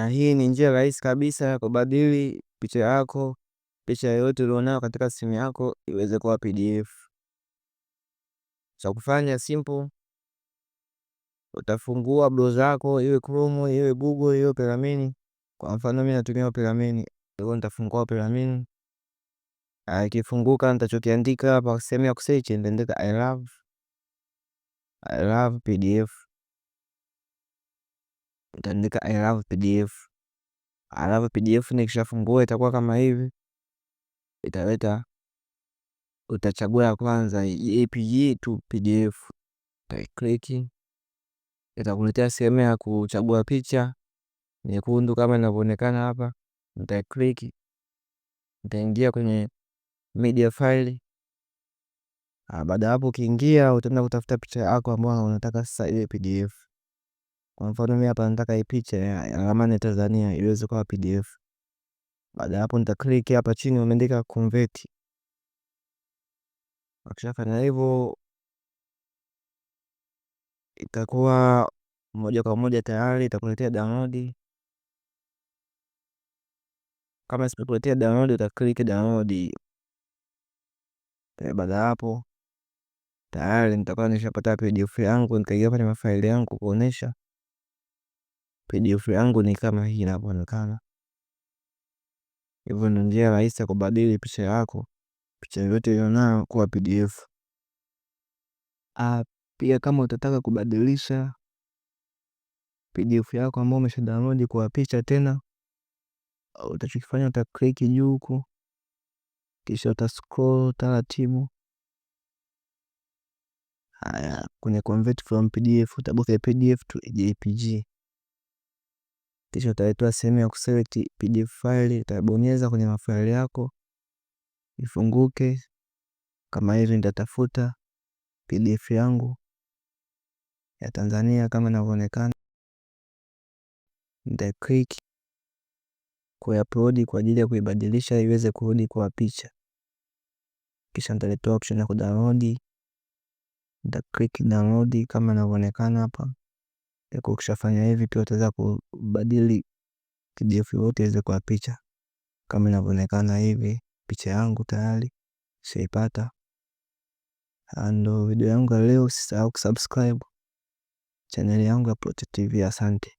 na hii ni njia rahisi kabisa ya kubadili picha yako, picha yoyote ulionayo katika simu yako iweze kuwa PDF. Cha kufanya simple, utafungua browser yako, iwe Chrome, iwe Google, iwe Opera. Kwa mfano mimi natumia Opera, kwa nitafungua Opera. Ah, ikifunguka nitachokiandika hapa sehemu ya kusearch, nitaandika I love I love PDF utaandika I love pdf I love pdf nikishafungua itakuwa kama hivi, italeta utachagua ya kwanza jpg tu pdf, utaiclick itakuletea sehemu ya kuchagua picha nyekundu kama inavyoonekana hapa, nitaclick nitaingia kwenye media file. Ah, baada hapo, ukiingia utaenda kutafuta picha yako ambayo unataka sasa iwe pdf. Kwa mfano mi hapa nataka hii picha ya ramani ya Tanzania iweze kuwa pdf. Baada ya hapo nita click hapa chini wameandika convert. Wakishafanya hivyo itakuwa moja kwa moja tayari itakuletea download. Kama isipokuletea download uta click download. Eh, baada ya hapo tayari nitakuwa nishapata pdf yangu, nitaingia kwenye mafaili yangu kuonesha pdf yangu ni kama hii inavyoonekana. Hivyo ndio njia rahisi ya kubadili picha yako, picha yoyote ulionayo kuwa pdf. Ah, pia kama utataka kubadilisha pdf yako ambayo umesha download kuwa picha tena, utachokifanya uta juu huku, kisha utascroll taratibu haya kwenye convert from pdf utabofya pdf to jpg. Kisha utaitoa sehemu ya kuselect pdf file utabonyeza kwenye mafaili yako ifunguke. Kama hivi nitatafuta pdf yangu ya Tanzania kama inavyoonekana, nita click kuiupload kwa ajili ya kuibadilisha iweze kurudi kwa picha. Kisha nitaletoa option ya kudownload, nita click download kama inavyoonekana hapa. Ukishafanya hivi pia utaweza kubadili pdf yote iweze kuwa picha kama inavyoonekana hivi. Picha yangu tayari ushaipata. Ah, ndo video yangu ya leo. Usisahau kusubscribe chaneli yangu ya Procha TV. Asante.